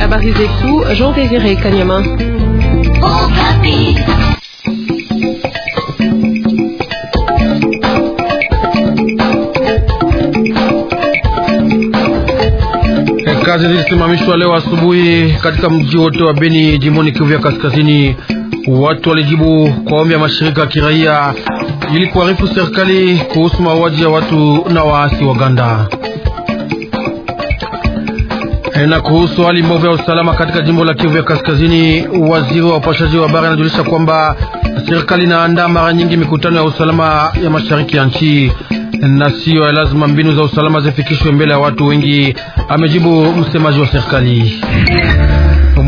Habari zetu Jean Désiré Kanyama. Eh, kazi zilisimamishwa leo asubuhi katika mji wote wa Beni jimboni Kivu ya Kaskazini. Watu walijibu kwa ombi ya mashirika ya kiraia ili kuarifu serikali kuhusu mauaji ya watu na waasi wa ganda Eh, na kuhusu hali mbovu ya usalama katika jimbo la Kivu ya Kaskazini, waziri wa upashaji wa habari anajulisha kwamba serikali inaandaa mara nyingi mikutano ya usalama ya mashariki ya nchi, na siyo ya lazima mbinu za usalama zifikishwe mbele ya watu wengi, amejibu msemaji wa serikali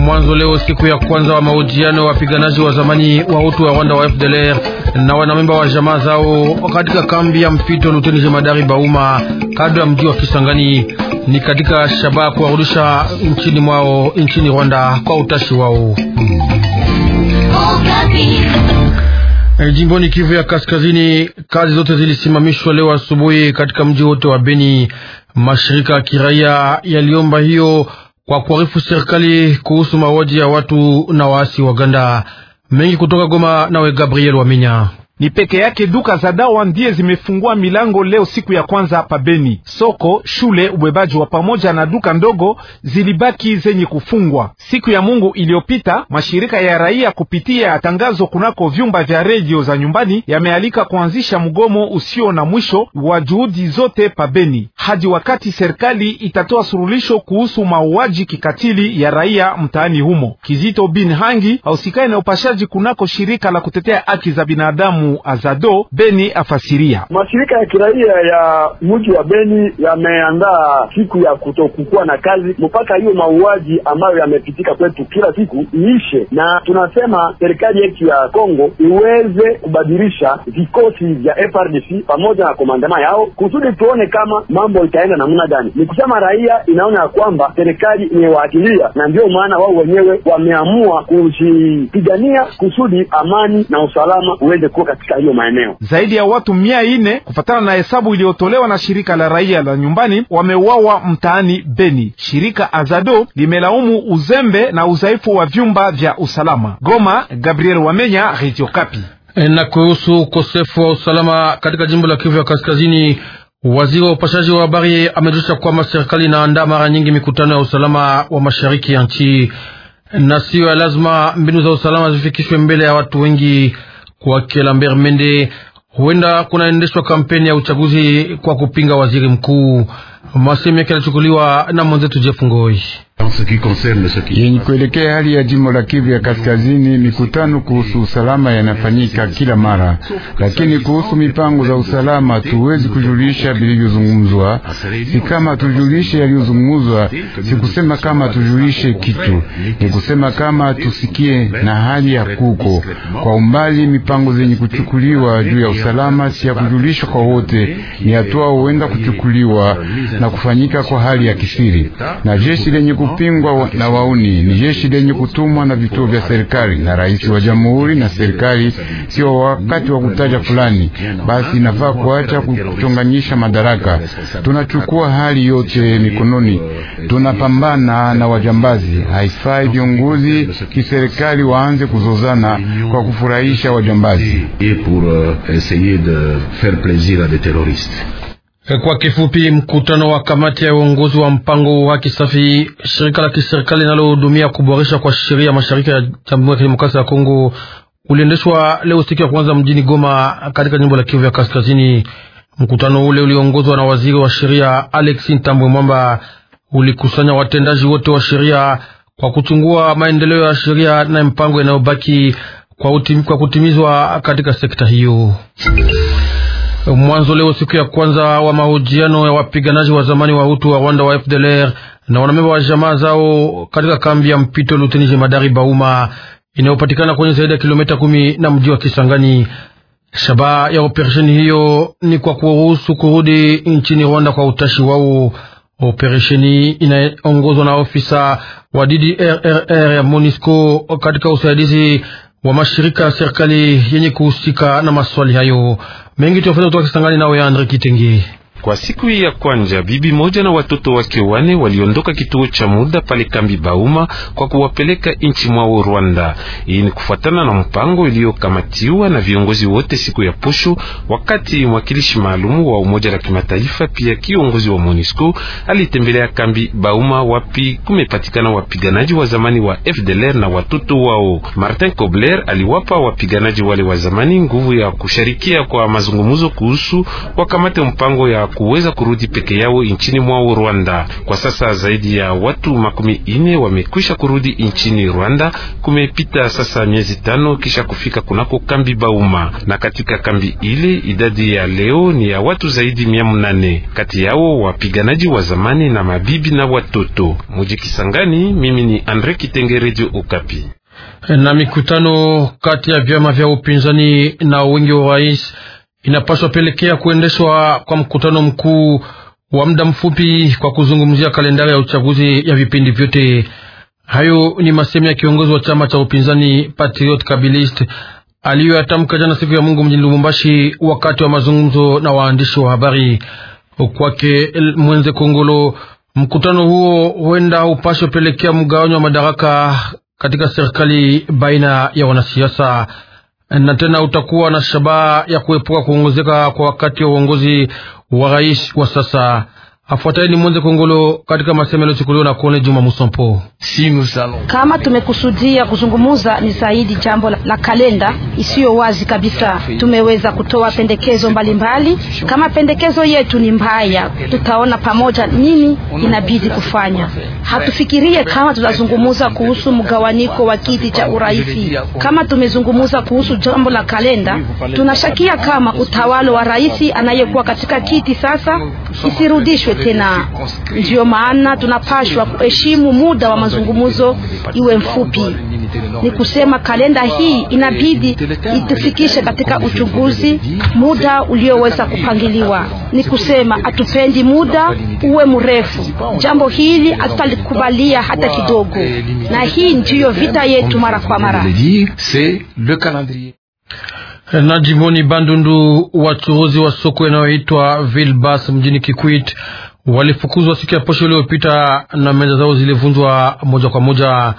mwanzo leo siku ya kwanza wa mahojiano wapiganaji wa zamani wa utu wa Rwanda wa FDLR na wanamemba wa jamaa zao katika kambi ya mpito Luteni Jemadari Bauma kado ya mji wa Kisangani ni katika shabaha kuwarudisha nchini mwao nchini Rwanda kwa utashi wao. E, jimboni Kivu ya Kaskazini, kazi zote zilisimamishwa leo asubuhi katika mji wote wa Beni. Mashirika ya kiraia yaliomba hiyo kwa kuarifu serikali kuhusu mauaji ya watu na waasi wa Uganda. Mengi kutoka Goma, nawe Gabriel Waminya. Ni peke yake duka za dawa ndiye zimefungua milango leo siku ya kwanza hapa Beni. Soko, shule, ubebaji wa pamoja na duka ndogo zilibaki zenye kufungwa. Siku ya Mungu iliyopita, mashirika ya raia kupitia tangazo kunako vyumba vya redio za nyumbani yamealika kuanzisha mgomo usio na mwisho wa juhudi zote pa Beni hadi wakati serikali itatoa surulisho kuhusu mauaji kikatili ya raia mtaani humo. Kizito bin Hangi hausikani na upashaji kunako shirika la kutetea haki za binadamu Azado Beni afasiria mashirika ya kiraia ya mji wa Beni yameandaa siku ya kutokukuwa na kazi mpaka hiyo mauaji ambayo yamepitika kwetu kila siku iishe, na tunasema serikali yetu ya Kongo iweze kubadilisha vikosi vya FRDC pamoja na komandama yao kusudi tuone kama mambo itaenda namna gani. Ni kusema raia inaona ya kwamba serikali imewaakilia, na ndiyo maana wao wenyewe wameamua kujipigania kusudi amani na usalama uweze kuwa katika hiyo maeneo. Zaidi ya watu mia ine kufatana na hesabu iliyotolewa na shirika la raia la nyumbani wameuawa mtaani Beni. Shirika Azado limelaumu uzembe na udhaifu wa vyumba vya usalama. Goma, Gabriel Wamenya, Radio Okapi. Eh, na kuhusu ukosefu wa usalama katika jimbo la Kivu ya Kaskazini, waziri wa upashaji wa habari amejulisha kwamba serikali inaandaa mara nyingi mikutano ya usalama wa mashariki ya nchi, na siyo ya lazima mbinu za usalama zifikishwe mbele ya watu wengi. Kwake Lambert Mende, huenda kunaendeshwa kampeni ya uchaguzi kwa kupinga waziri mkuu. Masemi yake yalichukuliwa na mwenzetu Jeff Ngoi yenye kuelekea hali ya jimbo la Kivu ya Kaskazini. Mikutano kuhusu usalama yanafanyika kila mara, lakini kuhusu mipango za usalama tuwezi kujulisha vilivyozungumzwa. Si kama tujulishe yaliyozungumzwa, si kusema kama tujulishe kitu, ni kusema kama tusikie na hali ya kuko kwa umbali. Mipango zenye kuchukuliwa juu ya usalama si ya kujulishwa kwa wote, ni hatua huenda kuchukuliwa na kufanyika kwa hali ya kisiri na jeshi lenye kupingwa na wauni ni jeshi lenye kutumwa na vituo vya serikali na rais wa jamhuri na serikali, sio wakati wa kutaja fulani. Basi inafaa kuacha kuchonganyisha madaraka. Tunachukua hali yote mikononi, tunapambana na wajambazi. Haifai viongozi kiserikali waanze kuzozana kwa kufurahisha wajambazi. Eh, kwa kifupi, mkutano wa kamati ya uongozi wa mpango wa haki safi, shirika la kiserikali linalohudumia kuboresha kwa sheria mashariki ya Jamhuri ya Kidemokrasia ya Kongo uliendeshwa leo siku ya kwanza mjini Goma katika jimbo la Kivu ya Kaskazini. Mkutano ule uliongozwa na waziri wa sheria Alexi Ntambwe Mwamba ulikusanya watendaji wote wa sheria kwa kuchungua maendeleo ya sheria na mpango inayobaki kwa, kwa kutimizwa katika sekta hiyo. Mwanzo leo siku ya kwanza wa mahojiano ya wapiganaji wa zamani wa Hutu wa Rwanda wa FDLR na wanamemba wa jamaa zao katika kambi ya mpito Luteni Jemadari Bauma inayopatikana kwenye zaidi ya kilomita kumi na mji wa Kisangani. Shabaha ya operesheni hiyo ni kwa kuruhusu kurudi nchini Rwanda kwa utashi wao. Operesheni inaongozwa na ofisa wa DDRR ya MONUSCO katika usaidizi wa mashirika ya serikali yenye kuhusika na maswali hayo mengi tuyafanya kutoka Kisangani, nawe Andre Kitenge. Kwa siku ya kwanja, bibi moja na watoto wake wane waliondoka kituo cha muda pale kambi Bauma kwa kuwapeleka inchi mwao Rwanda. Hii ni kufuatana na mpango iliyokamatiwa na viongozi wote siku ya posho, wakati mwakilishi maalumu wa Umoja la Kimataifa pia kiongozi wa MONUSCO alitembelea kambi Bauma wapi kumepatikana wapiganaji wa zamani wa FDLR na watoto wao. Martin Kobler aliwapa wapiganaji wale wa zamani nguvu ya kusharikia kwa mazungumzo kuhusu wakamate mpango ya kuweza kurudi peke yao nchini mwao Rwanda. Kwa sasa zaidi ya watu makumi ine wamekwisha kurudi nchini Rwanda. Kumepita sasa miezi tano kisha kufika kunako kambi Bauma, na katika kambi ile idadi ya leo ni ya watu zaidi mia mnane, kati yao wapiganaji wa zamani na mabibi na watoto. Muji Kisangani, mimi ni Andre Kitenge, Radio Okapi. Na mikutano kati ya vyama vya upinzani na wengi wa rais inapaswa pelekea kuendeshwa kwa mkutano mkuu wa muda mfupi kwa kuzungumzia kalendari ya uchaguzi ya vipindi vyote. Hayo ni masemi ya kiongozi wa chama cha upinzani Patriot Kabilist aliyoyatamka jana siku ya Mungu mjini Lubumbashi wakati wa mazungumzo na waandishi wa habari. Kwake Mwenze Kongolo, mkutano huo huenda upashwe pelekea mgawanyo wa madaraka katika serikali baina ya wanasiasa na tena utakuwa na shabaha ya kuepuka kuongezeka kwa wakati wa uongozi wa rais wa sasa afuatai ni Mwenze Kongolo katika masemelo yaliyochukuliwa na Kone Juma Musompo. Kama tumekusudia kuzungumuza ni zaidi jambo la kalenda isiyo wazi kabisa. Tumeweza kutoa pendekezo mbalimbali mbali. Kama pendekezo yetu ni mbaya, tutaona pamoja nini inabidi kufanya. Hatufikirie kama tutazungumuza kuhusu mgawaniko wa kiti cha uraisi. Kama tumezungumuza kuhusu jambo la kalenda, tunashakia kama utawala wa raisi anayekuwa katika kiti sasa isirudishwe yote tena. Ndiyo maana tunapashwa kuheshimu muda wa mazungumzo iwe mfupi. Ni kusema kalenda hii inabidi itufikishe katika uchunguzi muda ulioweza kupangiliwa. Ni kusema hatupendi muda uwe mrefu, jambo hili hatutalikubalia hata kidogo, na hii ndiyo vita yetu mara kwa mara. Na jimboni Bandundu, wachuruzi wa soko inayoitwa Vilbas mjini Kikwit walifukuzwa siku ya posho iliyopita na meza zao zilivunjwa moja kwa moja.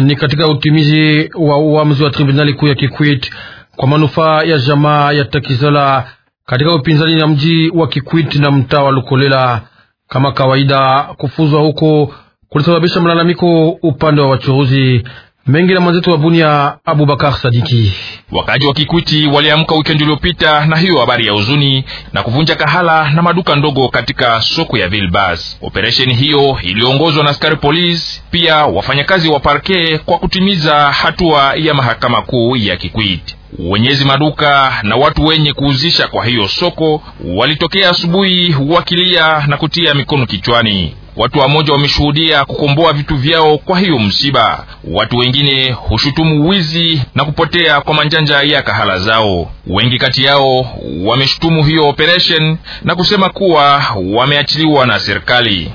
Ni katika utimizi wa uamuzi wa tribunali kuu ya Kikwit kwa manufaa ya jamaa ya Takizala katika upinzani na mji wa Kikwit na mtaa wa Lukolela. Kama kawaida, kufuzwa huko kulisababisha malalamiko upande wa wachuruzi mengi na mwenzetu wa Bunia Abubakar Sadiki. Wakaji wa Kikwiti waliamka wikendi iliyopita na hiyo habari ya huzuni na kuvunja kahala na maduka ndogo katika soko ya Vilbas. Operesheni hiyo iliongozwa na askari polisi, pia wafanyakazi wa parke kwa kutimiza hatua ya mahakama kuu ya Kikwiti. Wenyezi maduka na watu wenye kuuzisha kwa hiyo soko walitokea asubuhi wakilia na kutia mikono kichwani. Watu wamoja wameshuhudia kukomboa vitu vyao kwa hiyo msiba. Watu wengine hushutumu wizi na kupotea kwa manjanja ya kahala zao. Wengi kati yao wameshutumu hiyo operation na kusema kuwa wameachiliwa na serikali.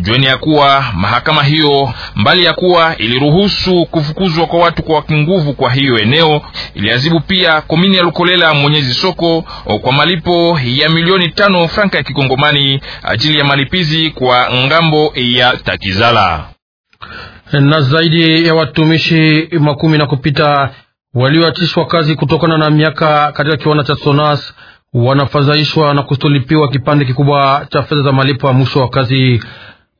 Jueni ya kuwa mahakama hiyo mbali ya kuwa iliruhusu kufukuzwa kwa watu kwa kinguvu kwa hiyo eneo, iliazibu pia komini ya Lukolela Mwenyezi Soko kwa malipo ya milioni tano franka ya kikongomani ajili ya malipizi kwa ngambo ya Takizala na zaidi ya watumishi makumi na kupita walioachishwa kazi kutokana na miaka katika kiwanda cha Sonas wanafadhaishwa na kustolipiwa kipande kikubwa cha fedha za malipo ya mwisho wa kazi.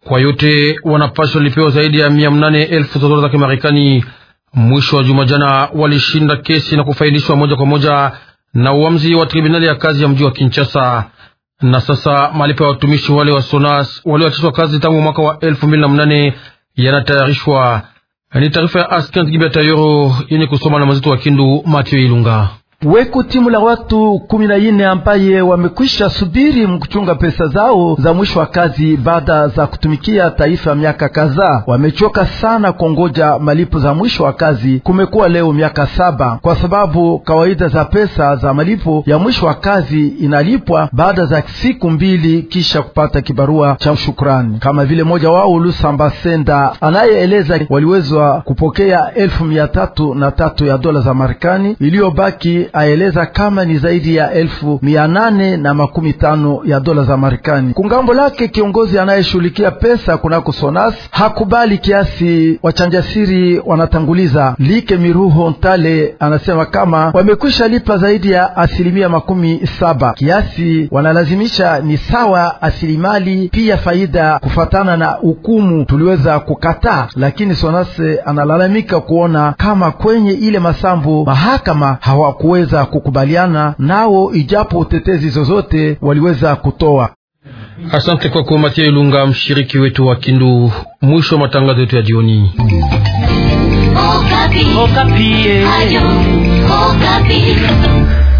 Kwa yote wanapaswa lipiwa zaidi ya mia mnane elfu za dola za Kimarekani. Mwisho wa juma jana walishinda kesi na kufaidishwa moja kwa moja na uamuzi wa tribunali ya kazi ya mji wa Kinshasa. Na sasa malipo ya watumishi wale wa Sonas walioachishwa kazi tangu mwaka wa elfu mbili na mnane yanatayarishwa. Ni taarifa ya Askant Gibeta Yoro yenye kusoma na mazetu wa Kindu Mathieu Ilunga weko timu la watu kumi na ine ambaye wamekwisha subiri mkuchunga pesa zao za mwisho wa kazi baada za kutumikia taifa miaka kadhaa. Wamechoka sana kongoja malipo za mwisho wa kazi, kumekuwa leo miaka saba, kwa sababu kawaida za pesa za malipo ya mwisho wa kazi inalipwa baada za siku mbili kisha kupata kibarua cha shukrani. Kama vile moja wao Lusamba Senda anayeeleza waliwezwa kupokea elfu mia tatu na tatu ya dola za Marekani iliyobaki aeleza kama ni zaidi ya elfu mia nane na makumi tano ya dola za Marekani. Kungambo lake kiongozi anayeshughulikia pesa kunako Sonas hakubali kiasi wachanjasiri wanatanguliza. Like Miruho Ntale anasema kama wamekwisha lipa zaidi ya asilimia makumi saba. Kiasi wanalazimisha ni sawa asilimali pia faida kufatana na hukumu tuliweza kukataa, lakini sonase analalamika kuona kama kwenye ile masambu mahakama hawakuwe waliweza kukubaliana nao, ijapo tetezi zozote waliweza kutoa. Asante kwako Matia Ilunga, mshiriki wetu wa Kindu. Mwisho wa matangazo yetu ya jioni. Okapi. Okapi. Eh. Ayo. Okapi.